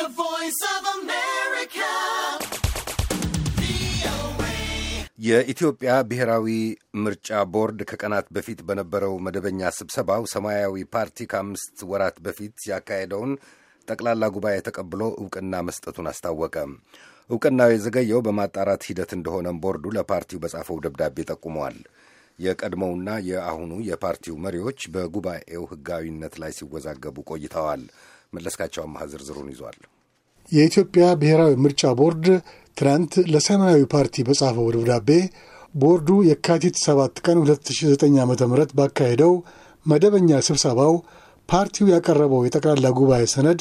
The Voice of America. የኢትዮጵያ ብሔራዊ ምርጫ ቦርድ ከቀናት በፊት በነበረው መደበኛ ስብሰባው ሰማያዊ ፓርቲ ከአምስት ወራት በፊት ያካሄደውን ጠቅላላ ጉባኤ ተቀብሎ እውቅና መስጠቱን አስታወቀ። እውቅናው የዘገየው በማጣራት ሂደት እንደሆነም ቦርዱ ለፓርቲው በጻፈው ደብዳቤ ጠቁመዋል። የቀድሞውና የአሁኑ የፓርቲው መሪዎች በጉባኤው ሕጋዊነት ላይ ሲወዛገቡ ቆይተዋል። መለስካቸው አማሃ ዝርዝሩን ይዟል። የኢትዮጵያ ብሔራዊ ምርጫ ቦርድ ትናንት ለሰማያዊ ፓርቲ በጻፈው ደብዳቤ ቦርዱ የካቲት 7 ቀን 2009 ዓ ም ባካሄደው መደበኛ ስብሰባው ፓርቲው ያቀረበው የጠቅላላ ጉባኤ ሰነድ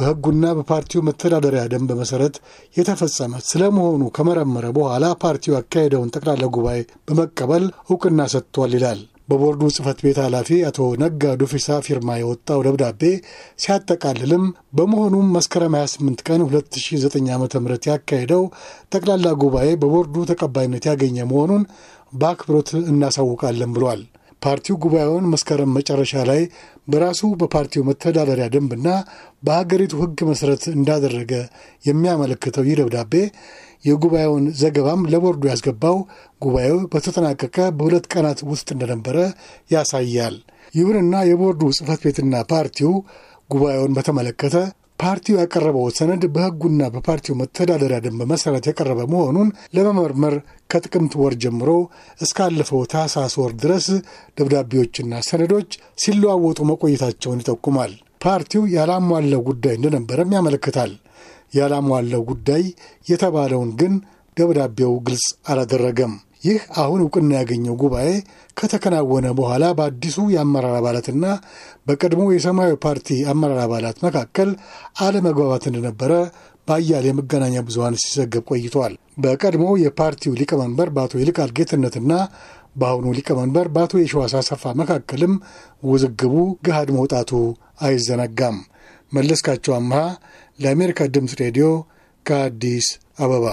በሕጉና በፓርቲው መተዳደሪያ ደንብ መሠረት የተፈጸመ ስለመሆኑ ከመረመረ በኋላ ፓርቲው ያካሄደውን ጠቅላላ ጉባኤ በመቀበል እውቅና ሰጥቷል ይላል። በቦርዱ ጽህፈት ቤት ኃላፊ አቶ ነጋ ዱፊሳ ፊርማ የወጣው ደብዳቤ ሲያጠቃልልም በመሆኑም መስከረም 28 ቀን 2009 ዓ ም ያካሄደው ጠቅላላ ጉባኤ በቦርዱ ተቀባይነት ያገኘ መሆኑን በአክብሮት እናሳውቃለን ብሏል። ፓርቲው ጉባኤውን መስከረም መጨረሻ ላይ በራሱ በፓርቲው መተዳደሪያ ደንብና በሀገሪቱ ሕግ መሠረት እንዳደረገ የሚያመለክተው ይህ ደብዳቤ የጉባኤውን ዘገባም ለቦርዱ ያስገባው ጉባኤው በተጠናቀቀ በሁለት ቀናት ውስጥ እንደነበረ ያሳያል። ይሁንና የቦርዱ ጽፈት ቤትና ፓርቲው ጉባኤውን በተመለከተ ፓርቲው ያቀረበው ሰነድ በሕጉና በፓርቲው መተዳደሪያ ደንብ መሠረት የቀረበ መሆኑን ለመመርመር ከጥቅምት ወር ጀምሮ እስካለፈው ታህሳስ ወር ድረስ ደብዳቤዎችና ሰነዶች ሲለዋወጡ መቆየታቸውን ይጠቁማል። ፓርቲው ያላሟለው ጉዳይ እንደነበረም ያመለክታል። ያላሟለው ጉዳይ የተባለውን ግን ደብዳቤው ግልጽ አላደረገም። ይህ አሁን እውቅና ያገኘው ጉባኤ ከተከናወነ በኋላ በአዲሱ የአመራር አባላትና በቀድሞ የሰማያዊ ፓርቲ አመራር አባላት መካከል አለመግባባት እንደነበረ በአያሌ የመገናኛ ብዙሀን ሲዘገብ ቆይቷል። በቀድሞ የፓርቲው ሊቀመንበር በአቶ ይልቃል ጌትነትና በአሁኑ ሊቀመንበር በአቶ የሸዋስ አሰፋ መካከልም ውዝግቡ ገሃድ መውጣቱ አይዘነጋም። መለስካቸው አምሃ ለአሜሪካ ድምፅ ሬዲዮ ከአዲስ አበባ